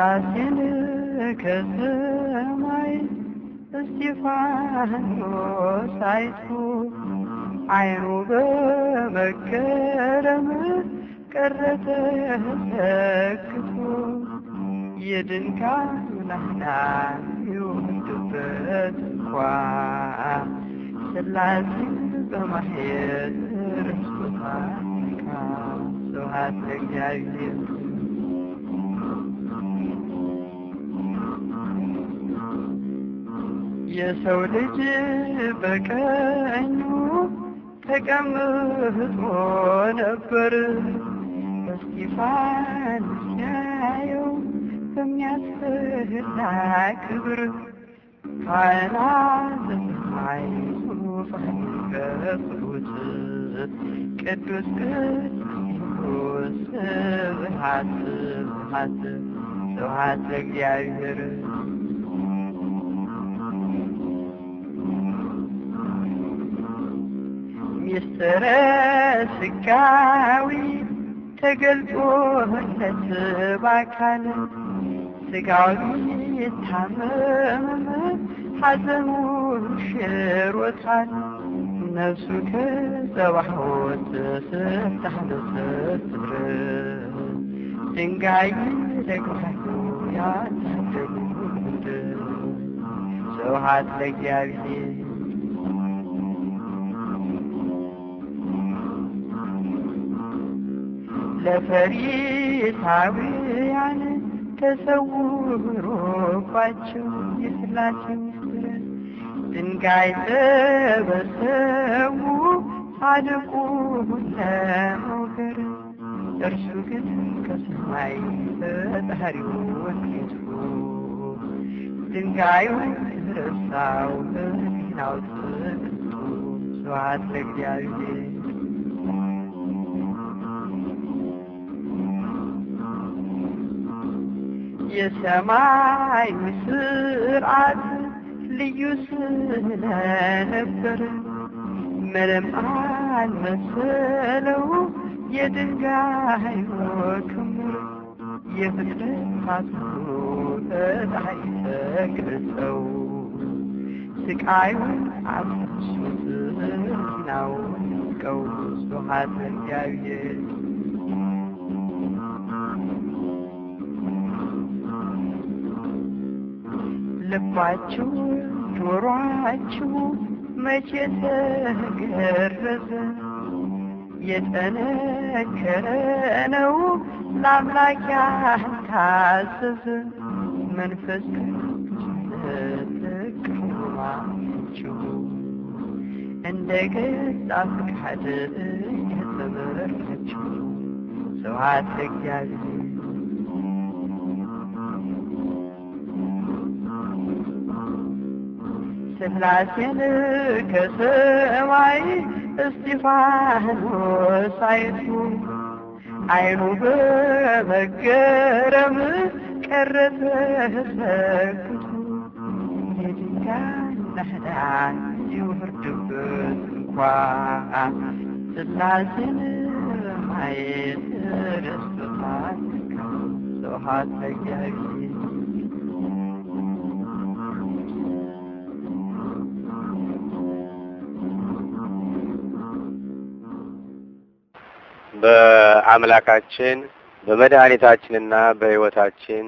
ሥላሴን ከሰማይ እስጢፋኖስ አይቶ ዓይኑ በመገረም ቀረ ተሰክቶ የድንቅ አምላክ እንኳ በማየት ርስቶታ ስብሐት ለእግዚአብሔር የሰው ልጅ በቀኙ ተቀምጦ ነበር። እስጢፋኖስ ያየው በሚያስፈራ ክብር ካህናት ዙፋን ገፈሉት። ቅዱስ ቅዱስ ስብሐት ስብሐት ስብሐት ለእግዚአብሔር ስጋዊ ተገልጦ ተገልጦለት ባካል ስጋዊ የታመመ ሐዘኑ ሽሮታል ነፍሱ ከዘባሕወት ስታህለሰት ትብረት ድንጋይ ደግፋሉ ያታደጉ ምድር ስብሐት ለእግዚአብሔር ለፈሪሳውያን ተሰውሮባቸው የስላሴ ምስጢር ድንጋይ ሰበሰቡ ጻድቁ ለመውገር እርሱ ግን ከሰማይ ፈጣሪው ወዴቱ ድንጋዩ ረሳው ናውጥ ስዋት ለእግዚአብሔር የሰማይ ምስርዓት ልዩ ስለነበር ምንም አልመሰለው የድንጋይ ክምር የፍጥረታት እጣይ ተገልጸው ስቃዩን አብሱት ናውቀው ብዙሀት እግዚአብሔር ልባችሁ ጆሯችሁ መቼ ተገረዘ? የጠነከረ ነው ለአምላክ ያልታዘዘ መንፈስ ተጠቀማችሁ እንደ ገዛ ፍቃድ የተመረጣችሁ ስብሐት እግዚአብሔር ስላሴን ከሰማይ እስጢፋኖስ አይቱ አይኑ በመገረም ቀረተ ተሰክቱ የድንጋይ ናህዳን ይውርድበት እንኳ ስላሴን ማየት ደስቶታል ስብሐት ለእግዚአብሔር በአምላካችን በመድኃኒታችንና በሕይወታችን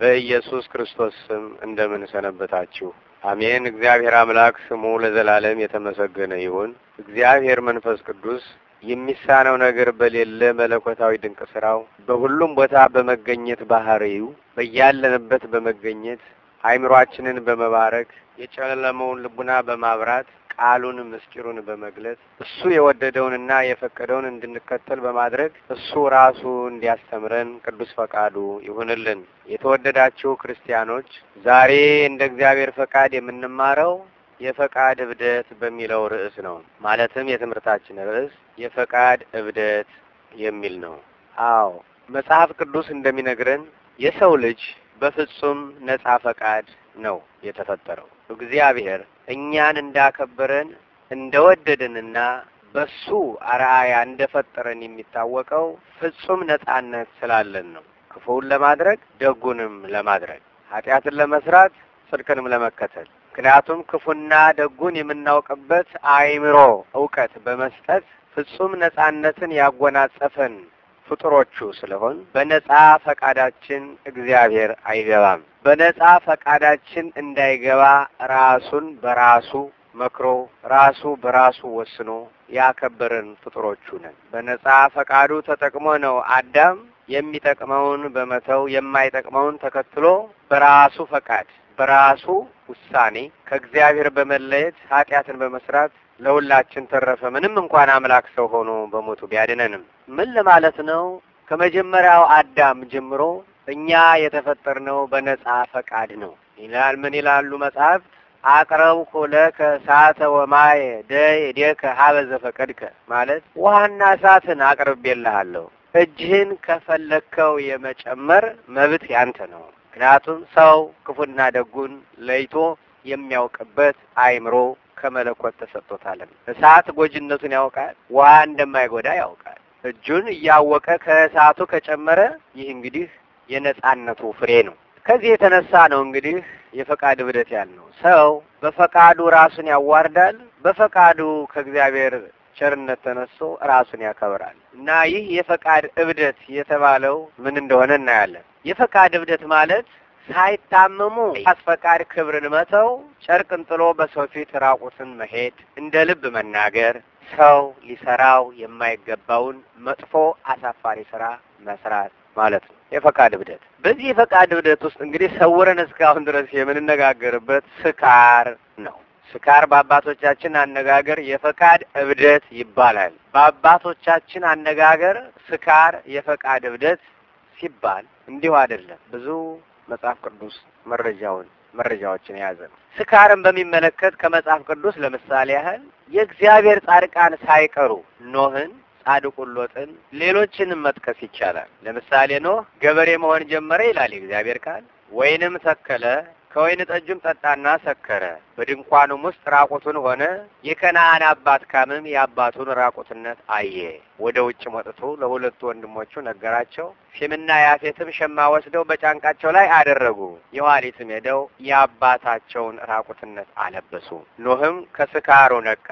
በኢየሱስ ክርስቶስ ስም እንደምን ሰነበታችሁ? አሜን። እግዚአብሔር አምላክ ስሙ ለዘላለም የተመሰገነ ይሁን። እግዚአብሔር መንፈስ ቅዱስ የሚሳነው ነገር በሌለ መለኮታዊ ድንቅ ስራው በሁሉም ቦታ በመገኘት ባህሪው በያለንበት በመገኘት አይምሯችንን በመባረክ የጨለመውን ልቡና በማብራት ቃሉን ምስጢሩን በመግለጽ እሱ የወደደውንና የፈቀደውን እንድንከተል በማድረግ እሱ ራሱ እንዲያስተምረን ቅዱስ ፈቃዱ ይሁንልን። የተወደዳችሁ ክርስቲያኖች ዛሬ እንደ እግዚአብሔር ፈቃድ የምንማረው የፈቃድ እብደት በሚለው ርዕስ ነው። ማለትም የትምህርታችን ርዕስ የፈቃድ እብደት የሚል ነው። አዎ መጽሐፍ ቅዱስ እንደሚነግረን የሰው ልጅ በፍጹም ነጻ ፈቃድ ነው የተፈጠረው። እግዚአብሔር እኛን እንዳከበረን እንደወደደንና በሱ አርአያ እንደፈጠረን የሚታወቀው ፍጹም ነጻነት ስላለን ነው። ክፉውን ለማድረግ ደጉንም ለማድረግ፣ ኃጢአትን ለመስራት ጽድቅንም ለመከተል። ምክንያቱም ክፉና ደጉን የምናውቅበት አእምሮ እውቀት በመስጠት ፍጹም ነጻነትን ያጎናጸፈን ፍጡሮቹ ስለሆን በነጻ ፈቃዳችን እግዚአብሔር አይገባም። በነጻ ፈቃዳችን እንዳይገባ ራሱን በራሱ መክሮ ራሱ በራሱ ወስኖ ያከበረን ፍጡሮቹ ነን። በነጻ ፈቃዱ ተጠቅሞ ነው አዳም የሚጠቅመውን በመተው የማይጠቅመውን ተከትሎ በራሱ ፈቃድ በራሱ ውሳኔ ከእግዚአብሔር በመለየት ኃጢአትን በመስራት ለሁላችን ተረፈ። ምንም እንኳን አምላክ ሰው ሆኖ በሞቱ ቢያድነንም ምን ለማለት ነው? ከመጀመሪያው አዳም ጀምሮ እኛ የተፈጠርነው በነጻ ፈቃድ ነው ይላል። ምን ይላሉ መጽሐፍ አቅረብኩ ለከ እሳተ ወማየ ደይእዴከ ሀበ ፈቀድከ ማለት ውሃና እሳትን አቅርቤልሃለሁ፣ እጅህን ከፈለግከው የመጨመር መብት ያንተ ነው። ምክንያቱም ሰው ክፉና ደጉን ለይቶ የሚያውቅበት አይምሮ። ከመለኮት ተሰጥቶታል። እሳት ጎጅነቱን ያውቃል፣ ውሃ እንደማይጎዳ ያውቃል። እጁን እያወቀ ከእሳቱ ከጨመረ ይህ እንግዲህ የነጻነቱ ፍሬ ነው። ከዚህ የተነሳ ነው እንግዲህ የፈቃድ እብደት ያልነው። ሰው በፈቃዱ ራሱን ያዋርዳል፣ በፈቃዱ ከእግዚአብሔር ቸርነት ተነስቶ ራሱን ያከብራል እና ይህ የፈቃድ እብደት የተባለው ምን እንደሆነ እናያለን። የፈቃድ እብደት ማለት ሳይታመሙ አስፈቃድ ክብርን መተው፣ ጨርቅን ጥሎ በሰው ፊት ራቁትን መሄድ፣ እንደ ልብ መናገር፣ ሰው ሊሰራው የማይገባውን መጥፎ አሳፋሪ ስራ መስራት ማለት ነው። የፈቃድ እብደት። በዚህ የፈቃድ እብደት ውስጥ እንግዲህ ሰውረን እስካሁን ድረስ የምንነጋገርበት ስካር ነው። ስካር በአባቶቻችን አነጋገር የፈቃድ እብደት ይባላል። በአባቶቻችን አነጋገር ስካር የፈቃድ እብደት ሲባል እንዲሁ አይደለም። ብዙ መጽሐፍ ቅዱስ መረጃውን መረጃዎችን የያዘ ነው። ስካርን በሚመለከት ከመጽሐፍ ቅዱስ ለምሳሌ ያህል የእግዚአብሔር ጻድቃን ሳይቀሩ ኖህን፣ ጻድቁን ሎጥን፣ ሌሎችንም መጥቀስ ይቻላል። ለምሳሌ ኖህ ገበሬ መሆን ጀመረ ይላል የእግዚአብሔር ቃል፣ ወይንም ተከለ ከወይን ጠጅም ጠጣና ሰከረ። በድንኳኑም ውስጥ ራቁቱን ሆነ። የከነአን አባት ካምም የአባቱን ራቁትነት አየ። ወደ ውጭ ወጥቶ ለሁለቱ ወንድሞቹ ነገራቸው። ሴምና ያፌትም ሸማ ወስደው በጫንቃቸው ላይ አደረጉ። የኋሊትም ሄደው የአባታቸውን ራቁትነት አለበሱ። ኖህም ከስካሩ ነቃ፣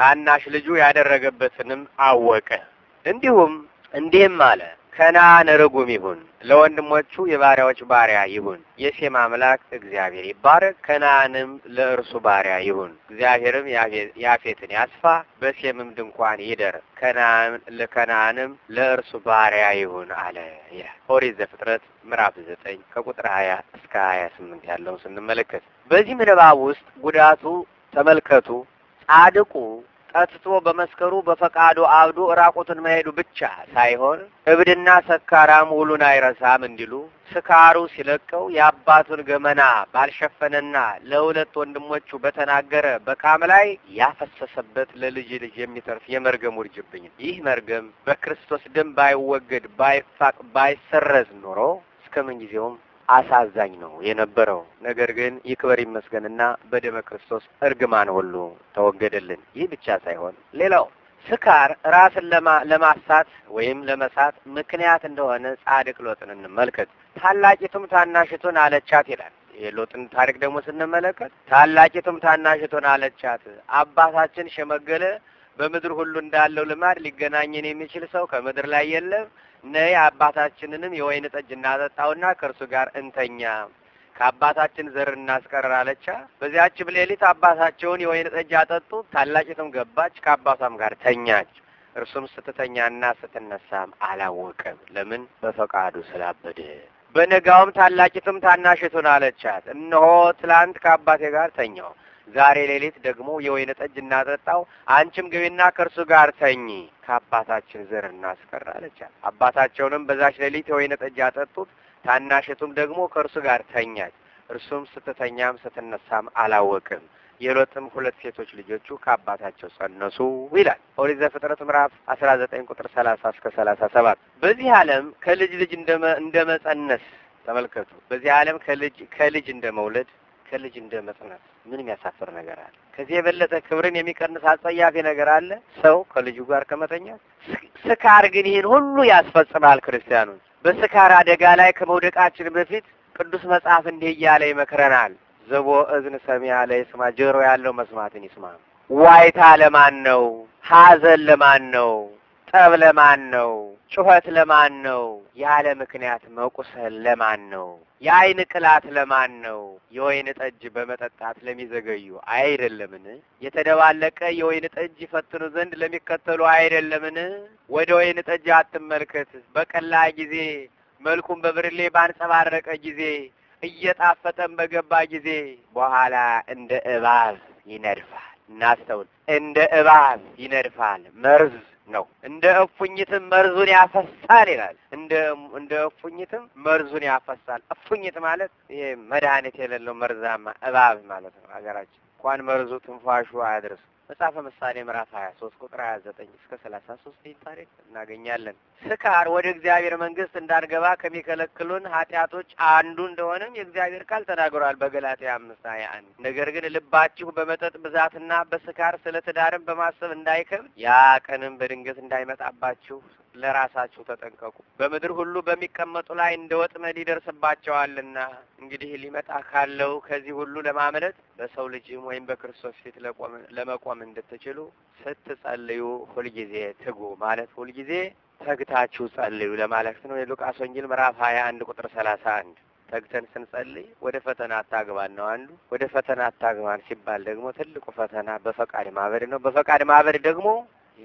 ታናሽ ልጁ ያደረገበትንም አወቀ። እንዲሁም እንዲህም አለ ከነአን ርጉም ይሁን፣ ለወንድሞቹ የባሪያዎች ባሪያ ይሁን። የሴም አምላክ እግዚአብሔር ይባረክ፣ ከነአንም ለእርሱ ባሪያ ይሁን። እግዚአብሔርም ያፌትን ያስፋ፣ በሴምም ድንኳን ይደር፣ ከነአንም ለእርሱ ባሪያ ይሁን አለ ይላል ኦሪት ዘፍጥረት ምዕራፍ ዘጠኝ ከቁጥር ሀያ እስከ ሀያ ስምንት ያለውን ስንመለከት በዚህ ምንባብ ውስጥ ጉዳቱ ተመልከቱ። ጻድቁ ጠጥቶ በመስከሩ በፈቃዱ አብዶ ራቁትን መሄዱ ብቻ ሳይሆን እብድና ሰካራም ውሉን አይረሳም እንዲሉ ስካሩ ሲለቀው የአባቱን ገመና ባልሸፈነና ለሁለት ወንድሞቹ በተናገረ በካም ላይ ያፈሰሰበት ለልጅ ልጅ የሚተርፍ የመርገም ውርጅብኝ። ይህ መርገም በክርስቶስ ደም ባይወገድ፣ ባይፋቅ፣ ባይሰረዝ ኖሮ እስከ ጊዜውም አሳዛኝ ነው የነበረው። ነገር ግን ይክበር ይመስገንና በደመ ክርስቶስ እርግማን ሁሉ ተወገደልን። ይህ ብቻ ሳይሆን ሌላው ስካር ራስን ለማሳት ወይም ለመሳት ምክንያት እንደሆነ ጻድቅ ሎጥን እንመልከት። ታላቂቱም ታናሽቱን አለቻት ይላል። የሎጥን ታሪክ ደግሞ ስንመለከት ታላቂቱም ታናሽቱን አለቻት አባታችን ሸመገለ በምድር ሁሉ እንዳለው ልማድ ሊገናኘን የሚችል ሰው ከምድር ላይ የለም። ነይ አባታችንንም የወይን ጠጅ እናጠጣውና ከእርሱ ጋር እንተኛ ከአባታችን ዘር እናስቀረር አለቻ። በዚያችም ሌሊት አባታቸውን የወይን ጠጅ አጠጡ። ታላቂቱም ገባች ከአባቷም ጋር ተኛች። እርሱም ስትተኛና ስትነሳም አላወቅም። ለምን? በፈቃዱ ስላበደ። በነጋውም ታላቂቱም ታናሽቱን አለቻት፣ እነሆ ትላንት ከአባቴ ጋር ተኛው ዛሬ ሌሊት ደግሞ የወይነ ጠጅ እናጠጣው፣ አንቺም ግቢና ከእርሱ ጋር ተኚ፣ ከአባታችን ዘር እናስቀር አለቻት። አባታቸውንም በዛች ሌሊት የወይነ ጠጅ ያጠጡት፣ ታናሽቱም ደግሞ ከእርሱ ጋር ተኛች። እርሱም ስትተኛም ስትነሳም አላወቅም። የሎጥም ሁለት ሴቶች ልጆቹ ከአባታቸው ጸነሱ ይላል ኦሪት ዘፍጥረት ምዕራፍ አስራ ዘጠኝ ቁጥር ሰላሳ እስከ ሰላሳ ሰባት በዚህ ዓለም ከልጅ ልጅ እንደመጸነስ ተመልከቱ። በዚህ ዓለም ከልጅ ከልጅ እንደ መውለድ ከልጅ እንደ መጽነት ምን የሚያሳፍር ነገር አለ? ከዚህ የበለጠ ክብርን የሚቀንስ አጸያፊ ነገር አለ? ሰው ከልጁ ጋር ከመተኛ ስካር ግን ይህን ሁሉ ያስፈጽማል። ክርስቲያኑን በስካር አደጋ ላይ ከመውደቃችን በፊት ቅዱስ መጽሐፍ እንዲህ እያለ ይመክረናል። ዘቦ እዝን ሰሚያ ስማ፣ ጆሮ ያለው መስማትን ይስማ። ዋይታ ለማን ነው? ሀዘን ለማን ነው? ጠብ ለማን ነው? ጩኸት ለማን ነው? ያለ ምክንያት መቁሰል ለማን ነው? የአይን ቅላት ለማን ነው? የወይን ጠጅ በመጠጣት ለሚዘገዩ አይደለምን? የተደባለቀ የወይን ጠጅ ይፈትኑ ዘንድ ለሚከተሉ አይደለምን? ወደ ወይን ጠጅ አትመልከት። በቀላ ጊዜ መልኩን በብርሌ ባንጸባረቀ ጊዜ እየጣፈጠን በገባ ጊዜ በኋላ እንደ እባብ ይነድፋል። እናስተውል። እንደ እባብ ይነድፋል። መርዝ ነው። እንደ እፉኝትም መርዙን ያፈሳል ይላል። እንደ እንደ እፉኝትም መርዙን ያፈሳል። እፉኝት ማለት ይሄ መድኃኒት የሌለው መርዛማ እባብ ማለት ነው። ሀገራችን እንኳን መርዙ ትንፋሹ አያደርስም። መጽሐፈ ምሳሌ ምዕራፍ 23 ቁጥር 29 እስከ 33 ይህን ታሪክ እናገኛለን። ስካር ወደ እግዚአብሔር መንግስት እንዳንገባ ከሚከለክሉን ኃጢአቶች አንዱ እንደሆነም የእግዚአብሔር ቃል ተናግሯል በገላትያ 5:21 ነገር ግን ልባችሁ በመጠጥ ብዛትና በስካር ስለ ትዳርም በማሰብ እንዳይከብድ ያ ቀንም በድንገት እንዳይመጣባችሁ ለራሳችሁ ተጠንቀቁ፣ በምድር ሁሉ በሚቀመጡ ላይ እንደ ወጥመድ ይደርስባቸዋልና። እንግዲህ ሊመጣ ካለው ከዚህ ሁሉ ለማምለጥ በሰው ልጅም ወይም በክርስቶስ ፊት ለመቆም እንድትችሉ ስትጸልዩ ሁልጊዜ ትጉ ማለት ሁልጊዜ ተግታችሁ ጸልዩ ለማለት ነው። የሉቃስ ወንጌል ምዕራፍ ሀያ አንድ ቁጥር ሰላሳ አንድ ተግተን ስንጸልይ ወደ ፈተና አታግባን ነው አንዱ። ወደ ፈተና አታግባን ሲባል ደግሞ ትልቁ ፈተና በፈቃድ ማበድ ነው። በፈቃድ ማበድ ደግሞ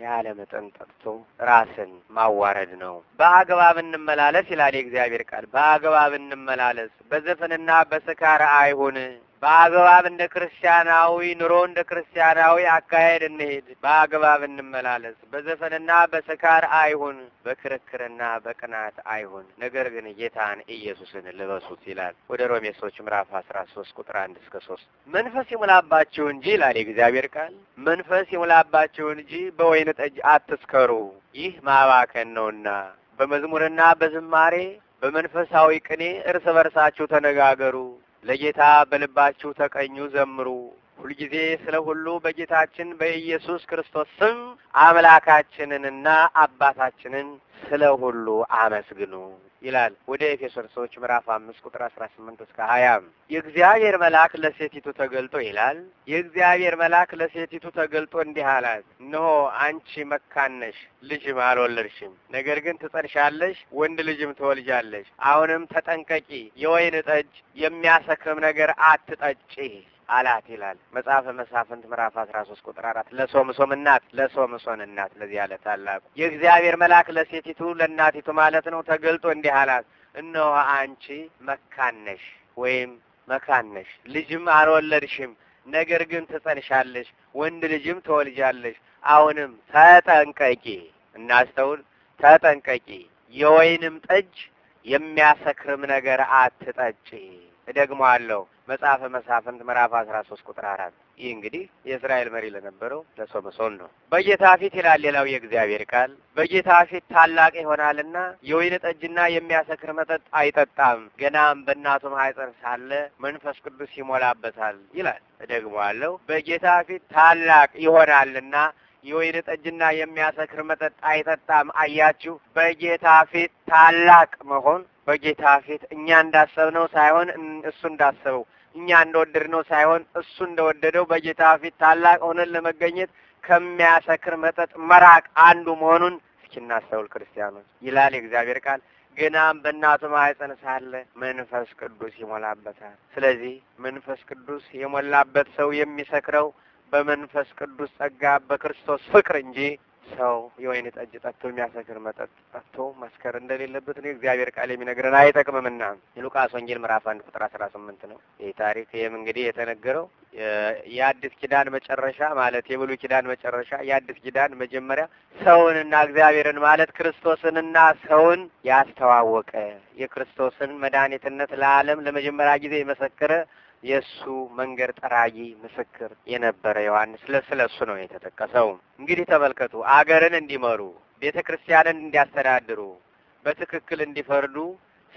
ያለ መጠን ጠጥቶ ራስን ማዋረድ ነው። በአግባብ እንመላለስ ይላል የእግዚአብሔር ቃል። በአግባብ እንመላለስ፣ በዘፈንና በስካር አይሁን በአግባብ እንደ ክርስቲያናዊ ኑሮ እንደ ክርስቲያናዊ አካሄድ እንሄድ፣ በአግባብ እንመላለስ። በዘፈንና በስካር አይሁን፣ በክርክርና በቅናት አይሁን፣ ነገር ግን ጌታን ኢየሱስን ልበሱት ይላል። ወደ ሮሜ ሰዎች ምዕራፍ አስራ ሶስት ቁጥር አንድ እስከ ሶስት መንፈስ ይሙላባችሁ እንጂ ይላል የእግዚአብሔር ቃል፣ መንፈስ ይሙላባችሁ እንጂ በወይን ጠጅ አትስከሩ፣ ይህ ማባከን ነውና በመዝሙርና በዝማሬ በመንፈሳዊ ቅኔ እርስ በርሳችሁ ተነጋገሩ ለጌታ በልባችሁ ተቀኙ፣ ዘምሩ ሁልጊዜ ስለ ሁሉ በጌታችን በኢየሱስ ክርስቶስ ስም አምላካችንንና አባታችንን ስለ ሁሉ አመስግኑ። ይላል ወደ ኤፌሶን ሰዎች ምዕራፍ አምስት ቁጥር አስራ ስምንት እስከ ሀያ የእግዚአብሔር መልአክ ለሴቲቱ ተገልጦ ይላል የእግዚአብሔር መልአክ ለሴቲቱ ተገልጦ እንዲህ አላት፣ እንሆ አንቺ መካነሽ ልጅም አልወለድሽም፣ ነገር ግን ትጸንሻለሽ፣ ወንድ ልጅም ትወልጃለሽ። አሁንም ተጠንቀቂ፣ የወይን ጠጅ የሚያሰክም ነገር አትጠጪ አላት ይላል መጽሐፈ መሳፍንት ምዕራፍ አስራ ሶስት ቁጥር አራት ለሶምሶን እናት ለሶምሶን እናት ለዚህ ያለ ታላቁ የእግዚአብሔር መልአክ ለሴቲቱ ለእናቲቱ ማለት ነው ተገልጦ እንዲህ አላት፣ እነሆ አንቺ መካነሽ ወይም መካነሽ ልጅም አልወለድሽም፣ ነገር ግን ትጸንሻለሽ፣ ወንድ ልጅም ትወልጃለሽ። አሁንም ተጠንቀቂ፣ እናስተውል፣ ተጠንቀቂ፣ የወይንም ጠጅ የሚያሰክርም ነገር አትጠጪ። እደግመዋለሁ መጽሐፈ መሳፍንት ምዕራፍ አስራ ሶስት ቁጥር አራት ይህ እንግዲህ የእስራኤል መሪ ለነበረው ለሶምሶን ነው። በጌታ ፊት ይላል ሌላው የእግዚአብሔር ቃል በጌታ ፊት ታላቅ ይሆናልና የወይን ጠጅና የሚያሰክር መጠጥ አይጠጣም፣ ገናም በእናቱም ሐፀር ሳለ መንፈስ ቅዱስ ይሞላበታል ይላል። እደግመዋለሁ፣ በጌታ ፊት ታላቅ ይሆናልና የወይን ጠጅና የሚያሰክር መጠጥ አይጠጣም። አያችሁ፣ በጌታ ፊት ታላቅ መሆን በጌታ ፊት እኛ እንዳሰብነው ሳይሆን እሱ እንዳሰበው እኛ እንደወደድነው ሳይሆን እሱ እንደወደደው በጌታ ፊት ታላቅ ሆነን ለመገኘት ከሚያሰክር መጠጥ መራቅ አንዱ መሆኑን እስኪናስተውል ክርስቲያኖች ይላል የእግዚአብሔር ቃል። ገናም በእናቱ ማህፀን ሳለ መንፈስ ቅዱስ ይሞላበታል። ስለዚህ መንፈስ ቅዱስ የሞላበት ሰው የሚሰክረው በመንፈስ ቅዱስ ጸጋ በክርስቶስ ፍቅር እንጂ ሰው የወይን ጠጅ ጠጥቶ የሚያሰክር መጠጥ ጠጥቶ መስከር እንደሌለበት ነው እግዚአብሔር ቃል የሚነግረን አይጠቅምምና። የሉቃስ ወንጌል ምዕራፍ አንድ ቁጥር አስራ ስምንት ነው ይህ ታሪክ። ይህም እንግዲህ የተነገረው የአዲስ ኪዳን መጨረሻ ማለት የብሉይ ኪዳን መጨረሻ፣ የአዲስ ኪዳን መጀመሪያ ሰውንና እግዚአብሔርን ማለት ክርስቶስንና ሰውን ያስተዋወቀ የክርስቶስን መድኃኒትነት ለዓለም ለመጀመሪያ ጊዜ የመሰከረ የእሱ መንገድ ጠራጊ ምስክር የነበረ ዮሐንስ ስለ እሱ ነው የተጠቀሰው። እንግዲህ ተመልከቱ፣ አገርን እንዲመሩ፣ ቤተ ክርስቲያንን እንዲያስተዳድሩ፣ በትክክል እንዲፈርዱ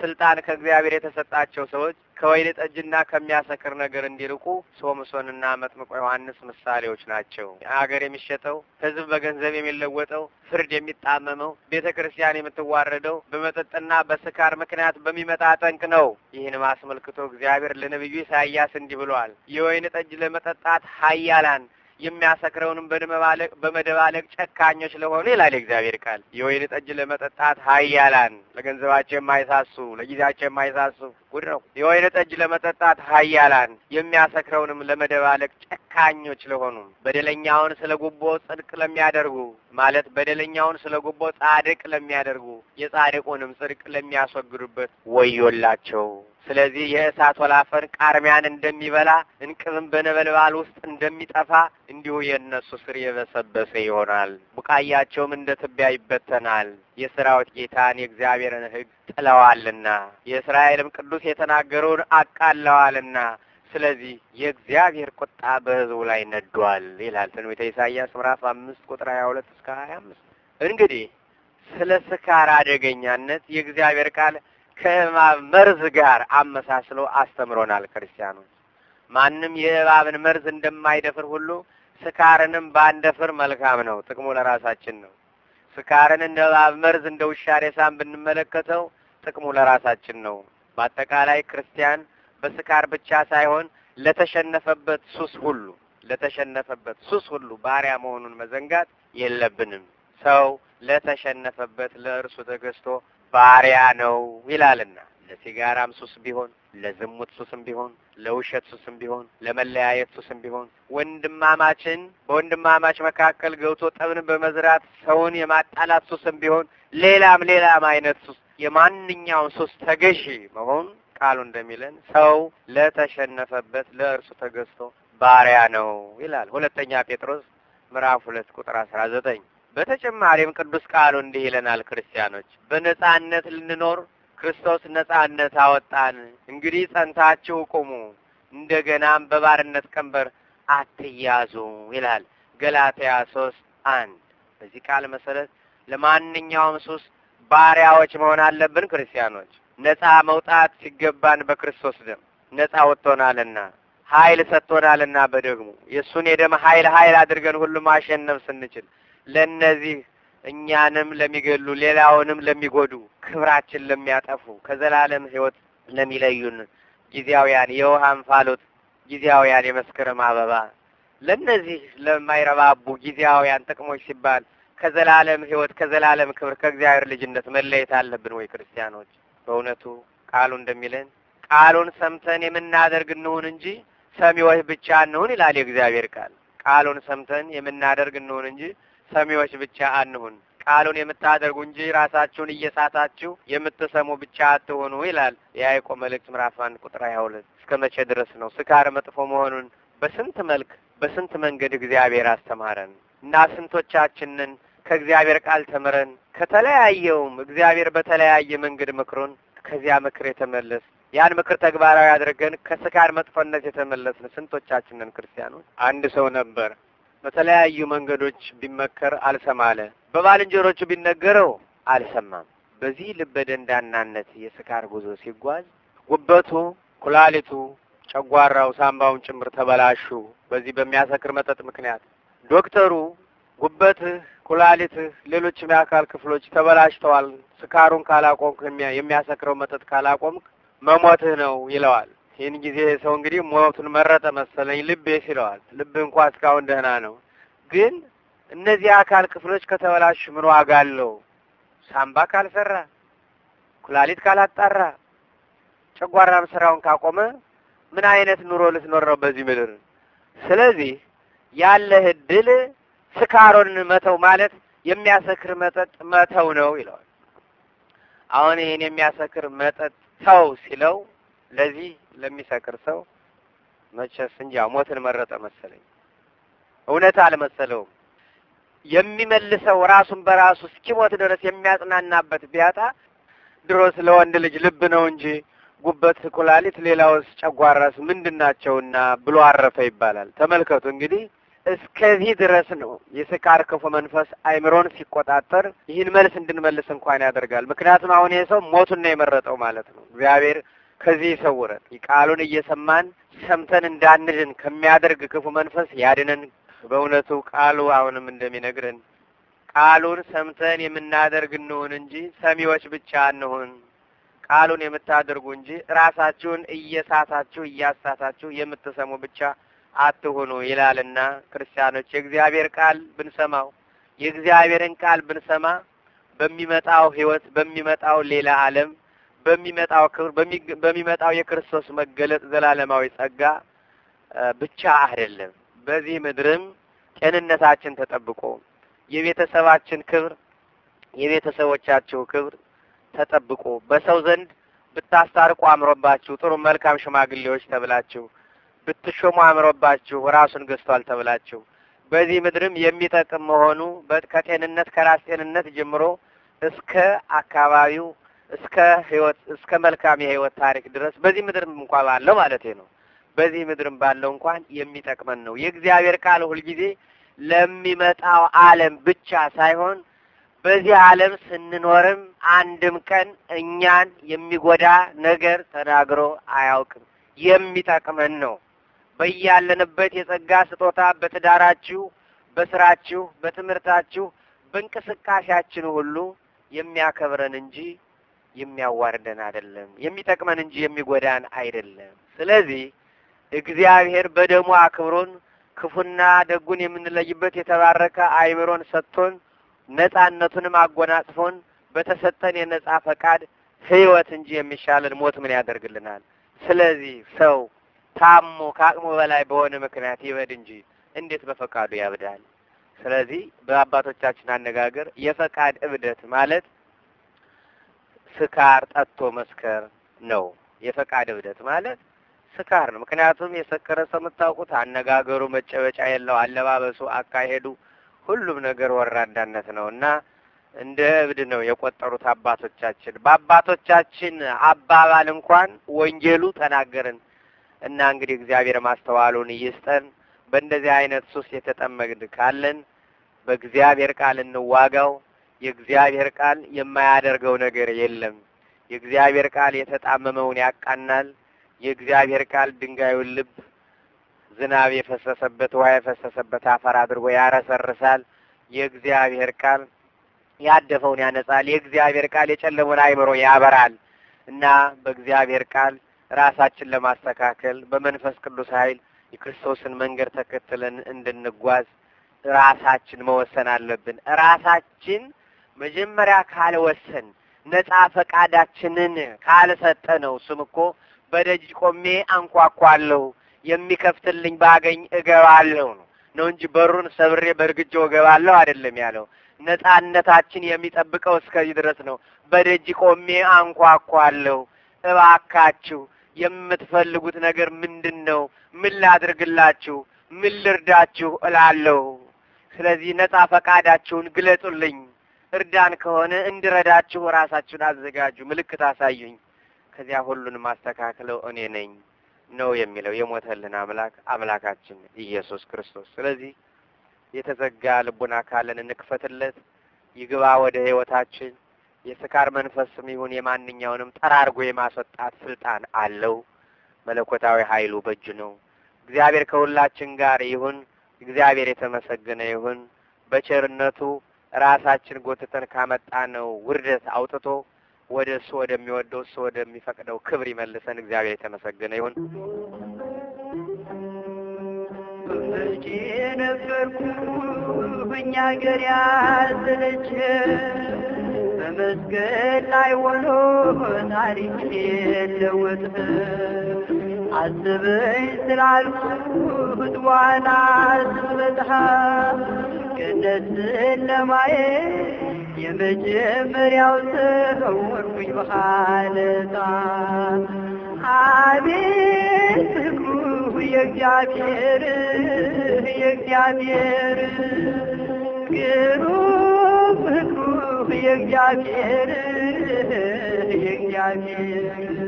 ስልጣን ከእግዚአብሔር የተሰጣቸው ሰዎች ከወይን ጠጅና ከሚያሰክር ነገር እንዲርቁ ሶምሶንና መጥምቆ ዮሐንስ ምሳሌዎች ናቸው። አገር የሚሸጠው ሕዝብ በገንዘብ የሚለወጠው ፍርድ የሚጣመመው ቤተ ክርስቲያን የምትዋረደው በመጠጥና በስካር ምክንያት በሚመጣ ጠንቅ ነው። ይህን አስመልክቶ እግዚአብሔር ለነቢዩ ኢሳያስ እንዲህ ብሏል። የወይን ጠጅ ለመጠጣት ሀያላን የሚያሰክረውንም በመደባለቅ ጨካኞች ለሆኑ ይላል እግዚአብሔር ቃል። የወይን ጠጅ ለመጠጣት ኃያላን፣ ለገንዘባቸው የማይሳሱ ለጊዜያቸው የማይሳሱ ጉድ ነው። የወይን ጠጅ ለመጠጣት ሀያላን የሚያሰክረውንም ለመደባለቅ ጨካኞች ለሆኑ በደለኛውን ስለ ጉቦ ጽድቅ ለሚያደርጉ ማለት በደለኛውን ስለ ጉቦ ጻድቅ ለሚያደርጉ የጻድቁንም ጽድቅ ለሚያስወግዱበት ወዮላቸው። ስለዚህ የእሳት ወላፈን ቃርሚያን እንደሚበላ እንቅብም በነበልባል ውስጥ እንደሚጠፋ እንዲሁ የእነሱ ስር የበሰበሰ ይሆናል። ቡቃያቸውም እንደ ትቢያ ይበተናል። የሥራዎች ጌታን የእግዚአብሔርን ሕግ ጥለዋልና የእስራኤልም ቅዱስ የተናገረውን አቃለዋልና ስለዚህ የእግዚአብሔር ቁጣ በሕዝቡ ላይ ነዷል ይላል ትንቢተ ኢሳያስ ምዕራፍ አምስት ቁጥር ሀያ ሁለት እስከ ሀያ አምስት እንግዲህ ስለ ስካር አደገኛነት የእግዚአብሔር ቃል ከእባብ መርዝ ጋር አመሳስሎ አስተምሮናል። ክርስቲያኖች ማንም የእባብን መርዝ እንደማይደፍር ሁሉ ስካርንም ባንደፍር መልካም ነው። ጥቅሙ ለራሳችን ነው። ስካርን እንደ እባብ መርዝ እንደ ውሻ ሬሳን ብንመለከተው ጥቅሙ ለራሳችን ነው። በአጠቃላይ ክርስቲያን በስካር ብቻ ሳይሆን ለተሸነፈበት ሱስ ሁሉ ለተሸነፈበት ሱስ ሁሉ ባሪያ መሆኑን መዘንጋት የለብንም። ሰው ለተሸነፈበት ለእርሱ ተገዝቶ ባሪያ ነው ይላልና ለሲጋራም ሱስ ቢሆን፣ ለዝሙት ሱስም ቢሆን፣ ለውሸት ሱስም ቢሆን፣ ለመለያየት ሱስም ቢሆን ወንድማማችን በወንድማማች መካከል ገብቶ ጠብን በመዝራት ሰውን የማጣላት ሱስም ቢሆን ሌላም ሌላም አይነት ሱስ የማንኛውም ሱስ ተገዢ መሆን ቃሉ እንደሚለን ሰው ለተሸነፈበት ለእርሱ ተገዝቶ ባሪያ ነው ይላል። ሁለተኛ ጴጥሮስ ምዕራፍ ሁለት ቁጥር አስራ ዘጠኝ በተጨማሪም ቅዱስ ቃሉ እንዲህ ይለናል፣ ክርስቲያኖች በነጻነት ልንኖር ክርስቶስ ነጻነት አወጣን። እንግዲህ ጸንታችሁ ቁሙ፣ እንደገናም በባርነት ቀንበር አትያዙ ይላል ገላትያ ሶስት አንድ። በዚህ ቃል መሰረት ለማንኛውም ሱስ ባሪያዎች መሆን አለብን ክርስቲያኖች። ነጻ መውጣት ሲገባን በክርስቶስ ደም ነጻ ወጥቶናልና ኃይል ሰጥቶናልና በደግሞ የእሱን የደም ኃይል ኃይል አድርገን ሁሉም አሸነፍ ስንችል ለእነዚህ እኛንም ለሚገሉ ሌላውንም ለሚጎዱ ክብራችን ለሚያጠፉ ከዘላለም ሕይወት ለሚለዩን ጊዜያውያን የውሃ እንፋሎት ጊዜያውያን የመስከረም አበባ ለእነዚህ ለማይረባቡ ጊዜያውያን ጥቅሞች ሲባል ከዘላለም ሕይወት ከዘላለም ክብር ከእግዚአብሔር ልጅነት መለየት አለብን ወይ? ክርስቲያኖች በእውነቱ ቃሉ እንደሚለን ቃሉን ሰምተን የምናደርግ እንሁን እንጂ ሰሚዎች ብቻ እንሁን ይላል የእግዚአብሔር ቃል። ቃሉን ሰምተን የምናደርግ እንሁን እንጂ ሰሚዎች ብቻ አንሁን፣ ቃሉን የምታደርጉ እንጂ ራሳችሁን እየሳታችሁ የምትሰሙ ብቻ አትሆኑ ይላል የያዕቆብ መልእክት ምዕራፍ አንድ ቁጥር ሀያ ሁለት እስከ መቼ ድረስ ነው ስካር መጥፎ መሆኑን በስንት መልክ በስንት መንገድ እግዚአብሔር አስተማረን እና ስንቶቻችንን ከእግዚአብሔር ቃል ተምረን ከተለያየውም እግዚአብሔር በተለያየ መንገድ ምክሩን ከዚያ ምክር የተመለስ ያን ምክር ተግባራዊ አድርገን ከስካር መጥፎነት የተመለስን ስንቶቻችንን ክርስቲያኖች። አንድ ሰው ነበር በተለያዩ መንገዶች ቢመከር አልሰማለ፣ በባልንጀሮቹ ቢነገረው አልሰማም። በዚህ ልበ ደንዳናነት የስካር ጉዞ ሲጓዝ ጉበቱ፣ ኩላሊቱ፣ ጨጓራው፣ ሳምባውን ጭምር ተበላሹ። በዚህ በሚያሰክር መጠጥ ምክንያት ዶክተሩ ጉበትህ፣ ኩላሊትህ፣ ሌሎችም የአካል ክፍሎች ተበላሽተዋል፣ ስካሩን ካላቆምክ፣ የሚያሰክረው መጠጥ ካላቆምክ መሞትህ ነው ይለዋል። ይህን ጊዜ ሰው እንግዲህ ሞቱን መረጠ መሰለኝ ልብ ይለዋል። ልብ እንኳ እስካሁን ደህና ነው፣ ግን እነዚህ አካል ክፍሎች ከተበላሽ ምን ዋጋ አለው? ሳምባ ካልሰራ፣ ኩላሊት ካላጣራ፣ ጨጓራም ስራውን ካቆመ ምን አይነት ኑሮ ልትኖር ነው በዚህ ምድር? ስለዚህ ያለህ እድል ስካሮን መተው ማለት የሚያሰክር መጠጥ መተው ነው ይለዋል። አሁን ይህን የሚያሰክር መጠጥ ተው ሲለው ለዚህ ለሚሰክር ሰው መቼስ እንጃ ሞትን መረጠ መሰለኝ። እውነት አልመሰለውም። የሚመልሰው ራሱን በራሱ እስኪሞት ድረስ የሚያጽናናበት ቢያጣ ድሮስ ለወንድ ልጅ ልብ ነው እንጂ ጉበት፣ ኩላሊት፣ ሌላውስ ጨጓራስ ምንድናቸውና ብሎ አረፈ ይባላል። ተመልከቱ እንግዲህ እስከዚህ ድረስ ነው የስካር ክፉ መንፈስ አይምሮን ሲቆጣጠር ይህን መልስ እንድንመልስ እንኳን ያደርጋል። ምክንያቱም አሁን ይሄ ሰው ሞቱን ነው የመረጠው ማለት ነው። እግዚአብሔር ከዚህ ይሰውረን። ቃሉን እየሰማን ሰምተን እንዳንድን ከሚያደርግ ክፉ መንፈስ ያድነን። በእውነቱ ቃሉ አሁንም እንደሚነግረን ቃሉን ሰምተን የምናደርግ እንሆን እንጂ ሰሚዎች ብቻ እንሆን። ቃሉን የምታደርጉ እንጂ ራሳችሁን እየሳታችሁ እያሳታችሁ የምትሰሙ ብቻ አትሆኑ ይላልና ክርስቲያኖች የእግዚአብሔር ቃል ብንሰማው የእግዚአብሔርን ቃል ብንሰማ በሚመጣው ሕይወት በሚመጣው ሌላ ዓለም በሚመጣው ክብር በሚመጣው የክርስቶስ መገለጥ ዘላለማዊ ጸጋ ብቻ አይደለም። በዚህ ምድርም ጤንነታችን ተጠብቆ የቤተሰባችን ክብር፣ የቤተሰቦቻችሁ ክብር ተጠብቆ በሰው ዘንድ ብታስታርቁ አምሮባችሁ ጥሩ መልካም ሽማግሌዎች ተብላችሁ ብትሾሙ አምሮባችሁ ራሱን ገዝቷል ተብላችሁ በዚህ ምድርም የሚጠቅም መሆኑ ከጤንነት ከራስ ጤንነት ጀምሮ እስከ አካባቢው እስከ ህይወት እስከ መልካም የህይወት ታሪክ ድረስ በዚህ ምድርም እንኳ ባለው ማለት ነው በዚህ ምድርም ባለው እንኳን የሚጠቅመን ነው። የእግዚአብሔር ቃል ሁልጊዜ ለሚመጣው ዓለም ብቻ ሳይሆን በዚህ ዓለም ስንኖርም አንድም ቀን እኛን የሚጎዳ ነገር ተናግሮ አያውቅም። የሚጠቅመን ነው። በያለንበት የጸጋ ስጦታ በትዳራችሁ፣ በስራችሁ፣ በትምህርታችሁ፣ በእንቅስቃሴያችን ሁሉ የሚያከብረን እንጂ የሚያዋርደን አይደለም፣ የሚጠቅመን እንጂ የሚጎዳን አይደለም። ስለዚህ እግዚአብሔር በደሙ አክብሮን ክፉና ደጉን የምንለይበት የተባረከ አይምሮን ሰጥቶን ነጻነቱንም አጎናጽፎን በተሰጠን የነጻ ፈቃድ ህይወት እንጂ የሚሻለን ሞት ምን ያደርግልናል? ስለዚህ ሰው ታሞ ከአቅሙ በላይ በሆነ ምክንያት ይበድ እንጂ እንዴት በፈቃዱ ያብዳል? ስለዚህ በአባቶቻችን አነጋገር የፈቃድ እብደት ማለት ስካር ጠጥቶ መስከር ነው። የፈቃድ እብደት ማለት ስካር ነው። ምክንያቱም የሰከረ ሰው የምታውቁት አነጋገሩ መጨበጫ የለው፣ አለባበሱ፣ አካሄዱ፣ ሁሉም ነገር ወራዳነት ነው እና እንደ እብድ ነው የቆጠሩት አባቶቻችን። በአባቶቻችን አባባል እንኳን ወንጌሉ ተናገርን እና እንግዲህ እግዚአብሔር ማስተዋሉን ይስጠን። በእንደዚህ አይነት ሱስ የተጠመድን ካለን በእግዚአብሔር ቃል እንዋጋው። የእግዚአብሔር ቃል የማያደርገው ነገር የለም። የእግዚአብሔር ቃል የተጣመመውን ያቃናል። የእግዚአብሔር ቃል ድንጋዩን ልብ ዝናብ የፈሰሰበት ውሃ የፈሰሰበት አፈር አድርጎ ያረሰርሳል። የእግዚአብሔር ቃል ያደፈውን ያነጻል። የእግዚአብሔር ቃል የጨለመውን አይምሮ ያበራል እና በእግዚአብሔር ቃል ራሳችን ለማስተካከል በመንፈስ ቅዱስ ኃይል የክርስቶስን መንገድ ተከትለን እንድንጓዝ ራሳችን መወሰን አለብን። ራሳችን መጀመሪያ ካልወሰን ነጻ ፈቃዳችንን ካልሰጠ ነው። ስም እኮ በደጅ ቆሜ አንኳኳለሁ የሚከፍትልኝ ባገኝ እገባለሁ ነው ነው እንጂ በሩን ሰብሬ በእርግጃው እገባለሁ አይደለም ያለው። ነጻነታችን የሚጠብቀው እስከዚህ ድረስ ነው። በደጅ ቆሜ አንኳኳለሁ፣ እባካችሁ የምትፈልጉት ነገር ምንድን ነው? ምን ላድርግላችሁ? ምን ልርዳችሁ? እላለሁ። ስለዚህ ነጻ ፈቃዳችሁን ግለጡልኝ እርዳን ከሆነ እንድረዳችሁ ራሳችሁን አዘጋጁ፣ ምልክት አሳዩኝ፣ ከዚያ ሁሉንም ማስተካክለው እኔ ነኝ ነው የሚለው የሞተልን አምላክ አምላካችን ኢየሱስ ክርስቶስ። ስለዚህ የተዘጋ ልቡና ካለን እንክፈትለት፣ ይግባ ወደ ህይወታችን። የስካር መንፈስም ይሁን የማንኛውንም ጠራርጎ የማስወጣት ስልጣን አለው። መለኮታዊ ኃይሉ በእጁ ነው። እግዚአብሔር ከሁላችን ጋር ይሁን። እግዚአብሔር የተመሰገነ ይሁን በቸርነቱ ራሳችን ጎትተን ካመጣነው ውርደት አውጥቶ ወደ እሱ ወደሚወደው እሱ ወደሚፈቅደው ክብር ይመልሰን። እግዚአብሔር የተመሰገነ ይሁን። ምርጭ ነበርኩ በእኛ ያዘለች በመስገድ ላይ ሆኖ ታሪክ የለወጥ አስበኝ ስላልኩ ብትዋና ስበትሃ ገነትን ለማየት የመጀመሪያው ተሰወርኩኝ በኻለታ አቤት ፍቅሩ የእግዚአብሔር የእግዚአብሔር ፍቅሩ የእግዚአብሔር የእግዚአብሔር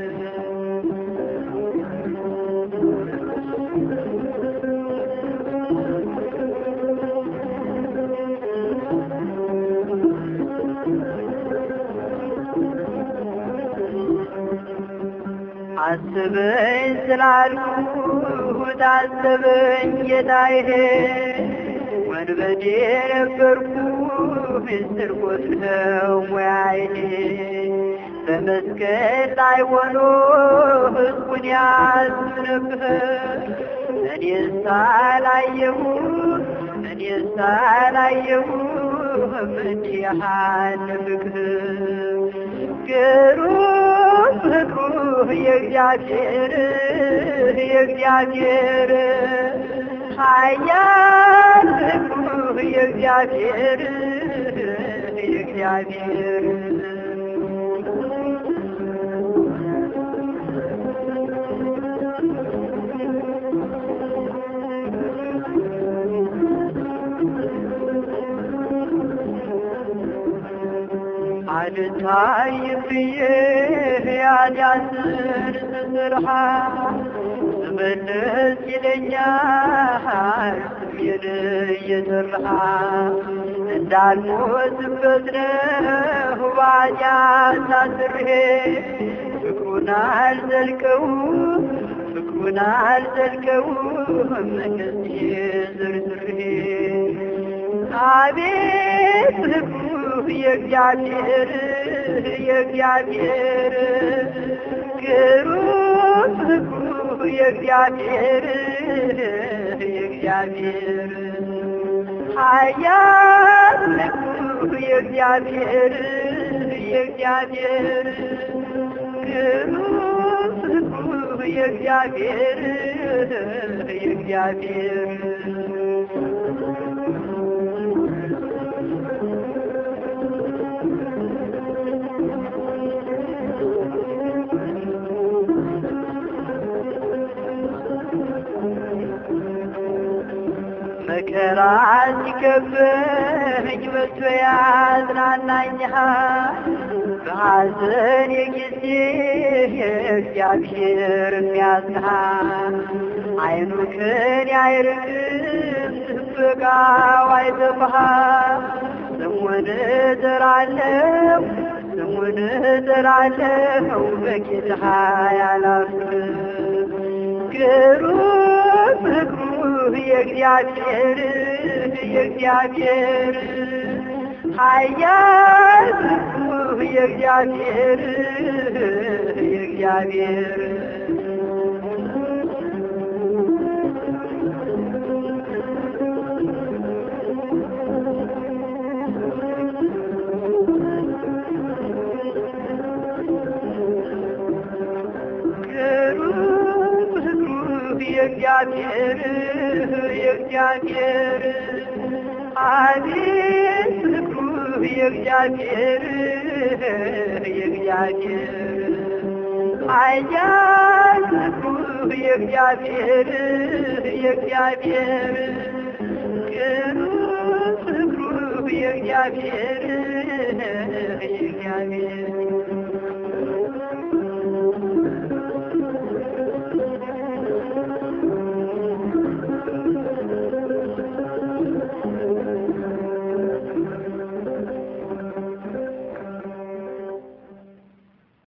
አስበኝ ስላልኩት አስበኝ ጌታዬ ወንበዴ ነበርኩ ምስጢር ነው ሙያዬ በመስቀል ላይ ሆኖ ሕዝቡን ያዝብ ነበር እኔሳ ላየሁ እኔሳ ላየሁ እንዲህ አንፍቅህ ግሩም ፍቅሩ የእግዚአብሔር የእግዚአብሔር ኃያል ፍቅሩ የእግዚአብሔር የእግዚአብሔር አልታይ ብዬ ያዳስር ስስርሃ መለስ ይለኛል ስሜን እየዘርሃ እንዳልሞትበት ነው ባዳ ሳስሬ ፍቅሩን አልዘልቀው ፍቅሩን አልዘልቀው መለስ ዝርዝሬ አቤት ፍቅሩ የእግዚአብሔር የእግዚአብሔር ግሩም ሕጉ የእግዚአብሔር የእግዚአብሔር ኃያል ሕጉ የእግዚአብሔር የእግዚአብሔር ግሩም ሕጉ የእግዚአብሔር የእግዚአብሔር ሲከበኝ በቶ ያዝናናኝ በሐዘኔ ጊዜ እግዚአብሔር የሚያዝና አይኑ ከኔ አይርቅም ጥበቃው አይተፋ ስሙን እጠራለሁ ስሙን እጠራለሁ በጌታ ያላፍር ግሩም ምግቡ የእግዚአብሔር የእግዚአብሔር ኃያል የእግዚአብሔር የእግዚአብሔር የእግዚአብሔር የእግዚአብሔር አቤት ፍቅሩ የእግዚአብሔር የእግዚአብሔር አያል ፍቅሩ የእግዚአብሔር የእግዚአብሔር ቅዱስ ፍቅሩ የእግዚአብሔር የእግዚአብሔር